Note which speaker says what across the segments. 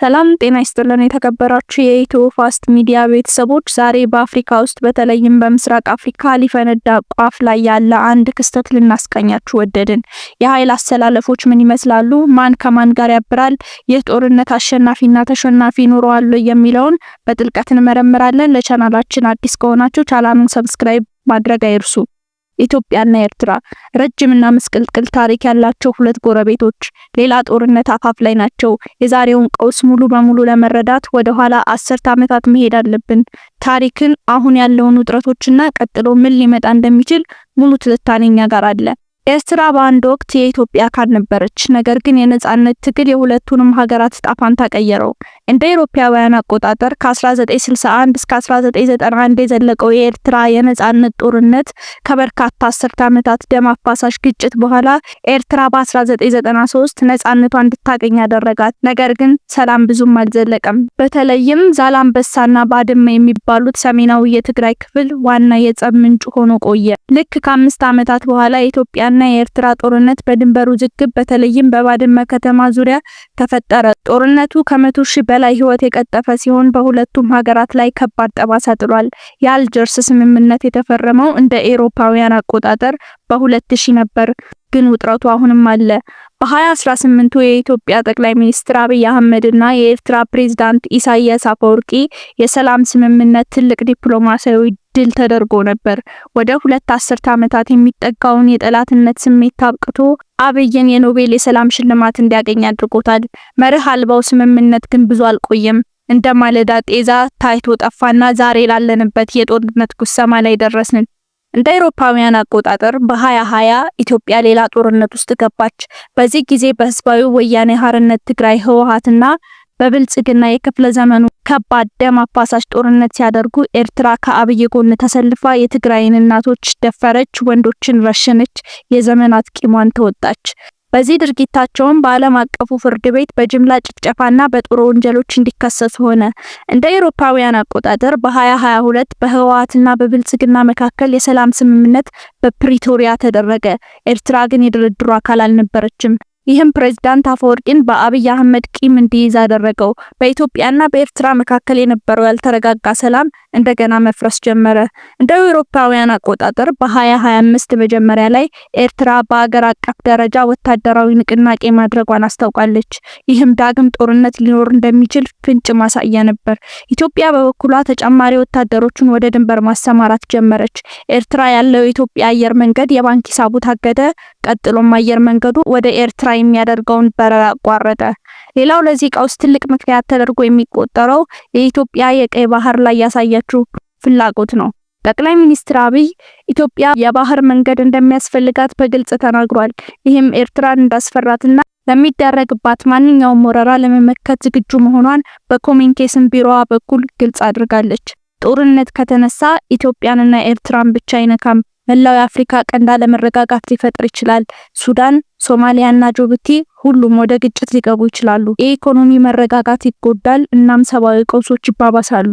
Speaker 1: ሰላም ጤና ይስጥልን። የተከበራችሁ የኢትዮ ፋስት ሚዲያ ቤተሰቦች፣ ዛሬ በአፍሪካ ውስጥ በተለይም በምስራቅ አፍሪካ ሊፈነዳ ቋፍ ላይ ያለ አንድ ክስተት ልናስቃኛችሁ ወደድን። የኃይል አሰላለፎች ምን ይመስላሉ? ማን ከማን ጋር ያብራል? ይህ ጦርነት አሸናፊና ተሸናፊ አለ የሚለውን በጥልቀት እንመረምራለን። ለቻናላችን አዲስ ከሆናችሁ ቻናሉን ሰብስክራይብ ማድረግ አይርሱ። ኢትዮጵያና ኤርትራ ረጅምና ምስቅልቅል ታሪክ ያላቸው ሁለት ጎረቤቶች ሌላ ጦርነት አፋፍ ላይ ናቸው። የዛሬውን ቀውስ ሙሉ በሙሉ ለመረዳት ወደ ኋላ አስርት ዓመታት መሄድ አለብን። ታሪክን፣ አሁን ያለውን ውጥረቶችና ቀጥሎ ምን ሊመጣ እንደሚችል ሙሉ ትንታኔ እኛ ጋር አለ። ኤርትራ በአንድ ወቅት የኢትዮጵያ አካል ነበረች። ነገር ግን የነጻነት ትግል የሁለቱንም ሀገራት ዕጣ ፈንታ ቀየረው። እንደ ኢሮፓውያን አቆጣጠር ከ1961 እስከ 1991 የዘለቀው የኤርትራ የነጻነት ጦርነት ከበርካታ አስርተ ዓመታት ደም አፋሳሽ ግጭት በኋላ ኤርትራ በ1993 ነጻነቷን እንድታገኝ ያደረጋት። ነገር ግን ሰላም ብዙም አልዘለቀም። በተለይም ዛላምበሳና ባድመ የሚባሉት ሰሜናዊ የትግራይ ክፍል ዋና የጸብ ምንጭ ሆኖ ቆየ። ልክ ከአምስት ዓመታት በኋላ የኢትዮጵያና የኤርትራ ጦርነት በድንበር ውዝግብ በተለይም በባድመ ከተማ ዙሪያ ተፈጠረ። ጦርነቱ ከመቶ ሺህ በላይ ህይወት የቀጠፈ ሲሆን በሁለቱም ሀገራት ላይ ከባድ ጠባሳ ጥሏል። የአልጀርስ ስምምነት የተፈረመው እንደ ኤሮፓውያን አቆጣጠር በ2000 ነበር፣ ግን ውጥረቱ አሁንም አለ። በ2018ቱ የኢትዮጵያ ጠቅላይ ሚኒስትር አብይ አህመድ እና የኤርትራ ፕሬዝዳንት ኢሳያስ አፈወርቂ የሰላም ስምምነት ትልቅ ዲፕሎማሲያዊ ድል ተደርጎ ነበር። ወደ ሁለት አስርተ ዓመታት የሚጠጋውን የጠላትነት ስሜት ታብቅቶ አብይን የኖቤል የሰላም ሽልማት እንዲያገኝ አድርጎታል። መርህ አልባው ስምምነት ግን ብዙ አልቆየም። እንደ ማለዳ ጤዛ ታይቶ ጠፋና ዛሬ ላለንበት የጦርነት ጉሰማ ላይ ደረስን። እንደ አውሮፓውያን አቆጣጠር በ2020 ኢትዮጵያ ሌላ ጦርነት ውስጥ ገባች። በዚህ ጊዜ በህዝባዊ ወያኔ ሀርነት ትግራይ ህወሓትና በብልጽግና የክፍለ ዘመኑ ከባድ ደም አፋሳሽ ጦርነት ሲያደርጉ ኤርትራ ከአብይ ጎን ተሰልፋ የትግራይን እናቶች ደፈረች፣ ወንዶችን ረሸነች፣ የዘመናት ቂሟን ተወጣች። በዚህ ድርጊታቸውም በዓለም አቀፉ ፍርድ ቤት በጅምላ ጭፍጨፋና በጦር ወንጀሎች እንዲከሰሱ ሆነ። እንደ አውሮፓውያን አቆጣጠር በ2022 በህወሓትና በብልጽግና መካከል የሰላም ስምምነት በፕሪቶሪያ ተደረገ። ኤርትራ ግን የድርድሩ አካል አልነበረችም። ይህም ፕሬዝዳንት አፈወርቂን በአብይ አህመድ ቂም እንዲይዝ አደረገው። በኢትዮጵያና በኤርትራ መካከል የነበረው ያልተረጋጋ ሰላም እንደገና መፍረስ ጀመረ። እንደ አውሮፓውያን አቆጣጠር በ2025 መጀመሪያ ላይ ኤርትራ በአገር አቀፍ ደረጃ ወታደራዊ ንቅናቄ ማድረጓን አስታውቃለች። ይህም ዳግም ጦርነት ሊኖር እንደሚችል ፍንጭ ማሳያ ነበር። ኢትዮጵያ በበኩሏ ተጨማሪ ወታደሮችን ወደ ድንበር ማሰማራት ጀመረች። ኤርትራ ያለው የኢትዮጵያ አየር መንገድ የባንክ ሂሳቡ ታገደ። ቀጥሎም አየር መንገዱ ወደ ኤርትራ የሚያደርገውን በረራ አቋረጠ። ሌላው ለዚህ ቀውስ ትልቅ ምክንያት ተደርጎ የሚቆጠረው የኢትዮጵያ የቀይ ባህር ላይ ያሳየችው ፍላጎት ነው። ጠቅላይ ሚኒስትር አብይ ኢትዮጵያ የባህር መንገድ እንደሚያስፈልጋት በግልጽ ተናግሯል። ይህም ኤርትራን እንዳስፈራትና ለሚደረግባት ማንኛውም ወረራ ለመመከት ዝግጁ መሆኗን በኮሚኒኬሽን ቢሮዋ በኩል ግልጽ አድርጋለች። ጦርነት ከተነሳ ኢትዮጵያንና ኤርትራን ብቻ አይነካም መላው የአፍሪካ ቀንድ አለመረጋጋት ሊፈጥር ይችላል። ሱዳን፣ ሶማሊያ እና ጅቡቲ ሁሉም ወደ ግጭት ሊገቡ ይችላሉ። የኢኮኖሚ መረጋጋት ይጎዳል፣ እናም ሰብአዊ ቀውሶች ይባባሳሉ።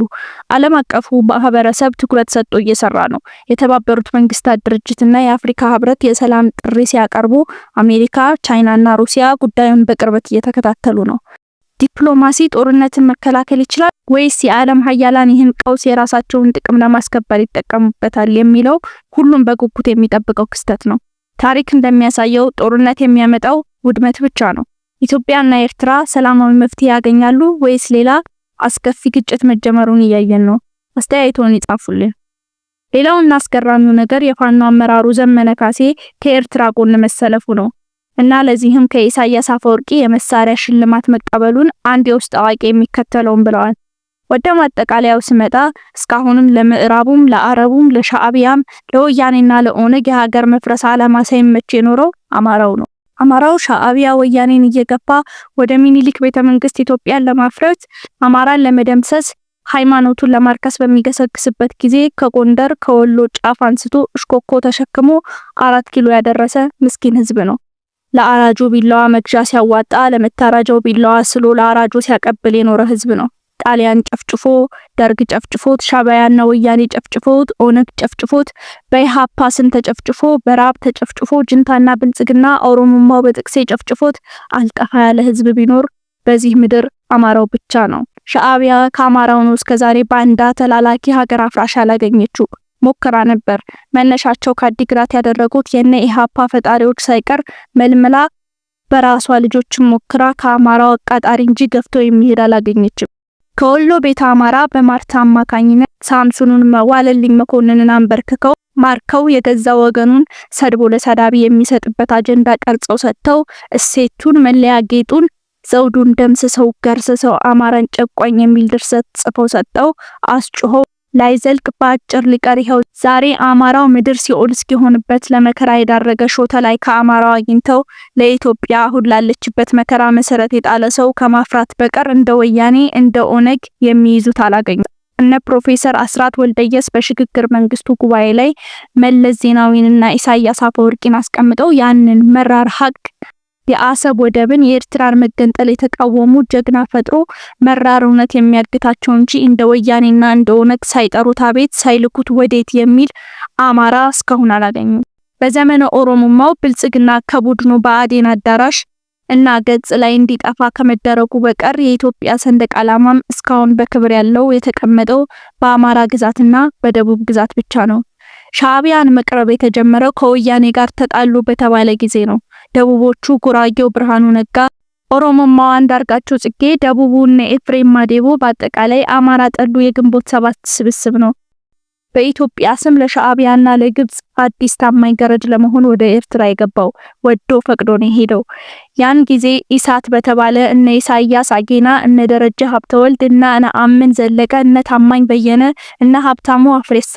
Speaker 1: ዓለም አቀፉ ማህበረሰብ ትኩረት ሰጥቶ እየሰራ ነው። የተባበሩት መንግስታት ድርጅት እና የአፍሪካ ህብረት የሰላም ጥሪ ሲያቀርቡ አሜሪካ፣ ቻይና እና ሩሲያ ጉዳዩን በቅርበት እየተከታተሉ ነው። ዲፕሎማሲ ጦርነትን መከላከል ይችላል ወይስ የዓለም ሀያላን ይህን ቀውስ የራሳቸውን ጥቅም ለማስከበር ይጠቀሙበታል የሚለው ሁሉም በጉጉት የሚጠብቀው ክስተት ነው። ታሪክ እንደሚያሳየው ጦርነት የሚያመጣው ውድመት ብቻ ነው። ኢትዮጵያና ኤርትራ ሰላማዊ መፍትሄ ያገኛሉ ወይስ ሌላ አስከፊ ግጭት መጀመሩን እያየን ነው። አስተያየቶን ይጻፉልን። ሌላውና አስገራሚው ነገር የፋኖ አመራሩ ዘመነ ካሴ ከኤርትራ ጎን መሰለፉ ነው። እና ለዚህም ከኢሳያስ አፈወርቂ የመሳሪያ ሽልማት መቀበሉን አንድ የውስጥ አዋቂ የሚከተለውን ብለዋል። ወደ ማጠቃለያው ስመጣ እስካሁንም ለምዕራቡም ለአረቡም ለሻዕቢያም ለወያኔና ለኦነግ የሀገር መፍረስ ዓላማ ሳይመች የኖረው አማራው ነው። አማራው ሻዕቢያ ወያኔን እየገፋ ወደ ሚኒሊክ ቤተ መንግስት ኢትዮጵያን ለማፍረት አማራን ለመደምሰስ ሃይማኖቱን ለማርከስ በሚገሰግስበት ጊዜ ከጎንደር ከወሎ ጫፍ አንስቶ እሽኮኮ ተሸክሞ አራት ኪሎ ያደረሰ ምስኪን ህዝብ ነው። ለአራጁ ቢላዋ መግዣ ሲያዋጣ ለመታረጃው ቢላዋ ስሎ ለአራጁ ሲያቀብል የኖረ ህዝብ ነው። ጣሊያን ጨፍጭፎ፣ ደርግ ጨፍጭፎት፣ ሻዕቢያና ወያኔ ጨፍጭፎት፣ ኦነግ ጨፍጭፎት፣ በኢህአፓ ስም ተጨፍጭፎ፣ በራብ ተጨፍጭፎ፣ ጅንታና ብልጽግና ኦሮሞማው በጥቅሴ ጨፍጭፎት አልጠፋ ያለ ህዝብ ቢኖር በዚህ ምድር አማራው ብቻ ነው። ሻዕቢያ ከአማራው ነው እስከዛሬ ባንዳ ተላላኪ ሀገር አፍራሽ ያላገኘችው። ሞክራ ነበር። መነሻቸው ከአዲግራት ያደረጉት የነ ኢህአፓ ፈጣሪዎች ሳይቀር መልምላ በራሷ ልጆችን ሞክራ ከአማራው አቃጣሪ እንጂ ገፍቶ የሚሄድ አላገኘችም። ከወሎ ቤተ አማራ በማርታ አማካኝነት ሳምሱኑን ዋለልኝ መኮንንን አንበርክከው ማርከው የገዛ ወገኑን ሰድቦ ለሰዳቢ የሚሰጥበት አጀንዳ ቀርጸው ሰጥተው እሴቱን መለያ ጌጡን ዘውዱን ደምስሰው ገርስሰው አማራን ጨቋኝ የሚል ድርሰት ጽፈው ሰጠው አስጭሆ ላይዘልቅ በአጭር ሊቀር ይኸው ዛሬ አማራው ምድር ሲኦል እስኪሆንበት ለመከራ የዳረገ ሾተ ላይ ከአማራው አግኝተው ለኢትዮጵያ አሁን ላለችበት መከራ መሰረት የጣለ ሰው ከማፍራት በቀር እንደ ወያኔ እንደ ኦነግ የሚይዙት አላገኙም። እነ ፕሮፌሰር አስራት ወልደየስ በሽግግር መንግስቱ ጉባኤ ላይ መለስ ዜናዊንና ኢሳያስ አፈወርቂን አስቀምጠው ያንን መራር ሀቅ የአሰብ ወደብን የኤርትራን መገንጠል የተቃወሙ ጀግና ፈጥሮ መራር እውነት የሚያግታቸው እንጂ እንደ ወያኔና እንደ ኦነግ ሳይጠሩት አቤት ሳይልኩት ወዴት የሚል አማራ እስካሁን አላገኙም። በዘመነ ኦሮሞማው ብልጽግና ከቡድኑ በአዴን አዳራሽ እና ገጽ ላይ እንዲጠፋ ከመደረጉ በቀር የኢትዮጵያ ሰንደቅ ዓላማም እስካሁን በክብር ያለው የተቀመጠው በአማራ ግዛትና በደቡብ ግዛት ብቻ ነው። ሻዕቢያን መቅረብ የተጀመረው ከወያኔ ጋር ተጣሉ በተባለ ጊዜ ነው። ደቡቦቹ ጉራጌው ብርሃኑ ነጋ፣ ኦሮሞማዋ አንዳርጋቸው ጽጌ፣ ደቡቡ እነ ኤፍሬም ማዴቦ፣ በአጠቃላይ አማራ ጠሉ የግንቦት ሰባት ስብስብ ነው። በኢትዮጵያ ስም ለሻዕቢያና ለግብጽ አዲስ ታማኝ ገረድ ለመሆን ወደ ኤርትራ የገባው ወዶ ፈቅዶ ነው የሄደው። ያን ጊዜ ኢሳት በተባለ እነ ኢሳያስ አጌና፣ እነ ደረጀ ሀብተወልድ እና እነ አምን ዘለቀ፣ እነ ታማኝ በየነ፣ እነ ሀብታሙ አፍሬሳ፣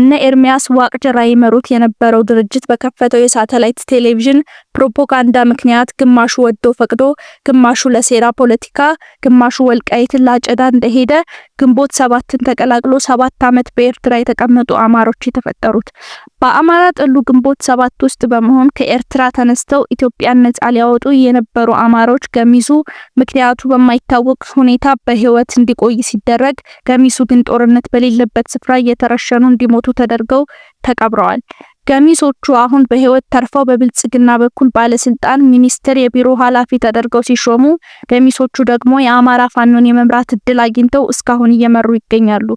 Speaker 1: እነ ኤርሚያስ ዋቅጅራ ይመሩት የነበረው ድርጅት በከፈተው የሳተላይት ቴሌቪዥን ፕሮፓጋንዳ ምክንያት ግማሹ ወዶ ፈቅዶ፣ ግማሹ ለሴራ ፖለቲካ፣ ግማሹ ወልቃይትን ላጨዳ እንደሄደ ግንቦት ሰባትን ተቀላቅሎ ሰባት ዓመት በኤርትራ የተቀመጡ አማሮች የተፈጠሩት በአማራ ጥሉ ግንቦት ሰባት ውስጥ በመሆን ከኤርትራ ተነስተው ኢትዮጵያን ነጻ ሊያወጡ የነበሩ አማሮች ገሚሱ ምክንያቱ በማይታወቅ ሁኔታ በህይወት እንዲቆይ ሲደረግ፣ ገሚሱ ግን ጦርነት በሌለበት ስፍራ እየተረሸኑ እንዲሞቱ ተደርገው ተቀብረዋል። ገሚሶቹ አሁን በህይወት ተርፈው በብልጽግና በኩል ባለስልጣን ሚኒስትር የቢሮ ኃላፊ ተደርገው ሲሾሙ ገሚሶቹ ደግሞ የአማራ ፋኖን የመምራት እድል አግኝተው እስካሁን እየመሩ ይገኛሉ።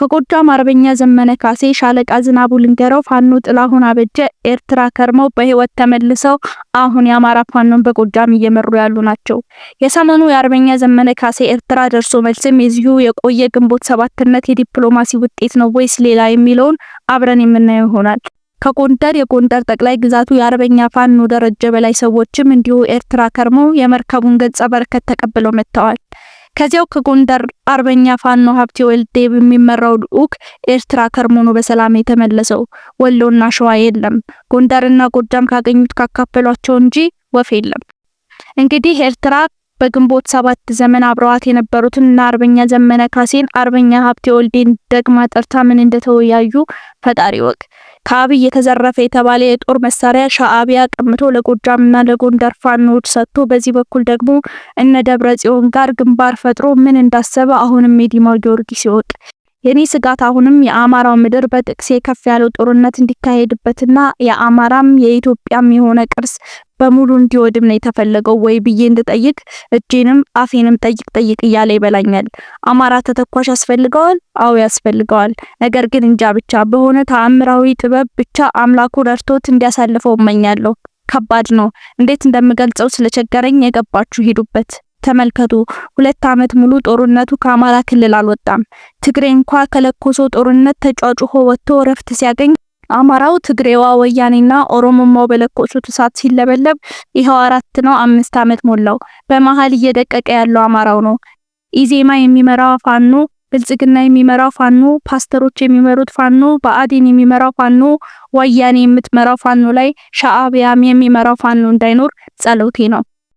Speaker 1: ከጎጃም አርበኛ ዘመነ ካሴ፣ ሻለቃ ዝናቡ ልንገረው፣ ፋኖ ጥላሁን አበጀ ኤርትራ ከርመው በህይወት ተመልሰው አሁን የአማራ ፋኖን በጎጃም እየመሩ ያሉ ናቸው። የሰሞኑ የአርበኛ ዘመነ ካሴ ኤርትራ ደርሶ መልስም የዚሁ የቆየ ግንቦት ሰባትነት የዲፕሎማሲ ውጤት ነው ወይስ ሌላ የሚለውን አብረን የምናየው ይሆናል። ከጎንደር የጎንደር ጠቅላይ ግዛቱ የአርበኛ ፋኖ ደረጀ በላይ ሰዎችም እንዲሁ ኤርትራ ከርመው የመርከቡን ገጸ በረከት ተቀብለው መጥተዋል። ከዚያው ከጎንደር አርበኛ ፋኖ ሀብቴ ወልዴ የሚመራው ልዑክ ኤርትራ ከርሞኖ በሰላም የተመለሰው ወሎና ሸዋ የለም፣ ጎንደርና ጎጃም ካገኙት ካካፈሏቸው እንጂ ወፍ የለም። እንግዲህ ኤርትራ በግንቦት ሰባት ዘመን አብረዋት የነበሩትንና አርበኛ ዘመነ ካሴን አርበኛ ሀብቴ ወልዴን ደግማ ጠርታ ምን እንደተወያዩ ፈጣሪ ወቅ ከአብይ የተዘረፈ የተባለ የጦር መሳሪያ ሻአቢያ ቀምቶ ለጎጃምና ለጎንደር ፋኖች ሰጥቶ በዚህ በኩል ደግሞ እነ ደብረ ጽዮን ጋር ግንባር ፈጥሮ ምን እንዳሰበ አሁንም የዲማ ጊዮርጊስ ይወቅ። የኔ ስጋት አሁንም የአማራው ምድር በጥቅሴ ከፍ ያለው ጦርነት እንዲካሄድበትና የአማራም የኢትዮጵያም የሆነ ቅርስ በሙሉ እንዲወድም ነው የተፈለገው ወይ ብዬ እንድጠይቅ እጄንም አፌንም ጠይቅ ጠይቅ እያለ ይበላኛል። አማራ ተተኳሽ ያስፈልገዋል? አዎ ያስፈልገዋል። ነገር ግን እንጃ ብቻ በሆነ ተአምራዊ ጥበብ ብቻ አምላኩ ረድቶት እንዲያሳልፈው እመኛለሁ። ከባድ ነው። እንዴት እንደምገልጸው ስለቸገረኝ የገባችሁ ሂዱበት። ተመልከቱ። ሁለት ዓመት ሙሉ ጦርነቱ ከአማራ ክልል አልወጣም። ትግሬ እንኳ ከለኮሶ ጦርነት ተጫጭሆ ወጥቶ እረፍት ሲያገኝ አማራው ትግሬዋ ወያኔና ኦሮሞማው በለኮሱት እሳት ሲለበለብ ይኸው አራት ነው አምስት ዓመት ሞላው። በመሀል እየደቀቀ ያለው አማራው ነው። ኢዜማ የሚመራው ፋኖ፣ ብልጽግና የሚመራው ፋኖ፣ ፓስተሮች የሚመሩት ፋኖ፣ በአዴን የሚመራው ፋኖ፣ ወያኔ የምትመራው ፋኖ ላይ ሻዕቢያም የሚመራው ፋኖ እንዳይኖር ጸሎቴ ነው።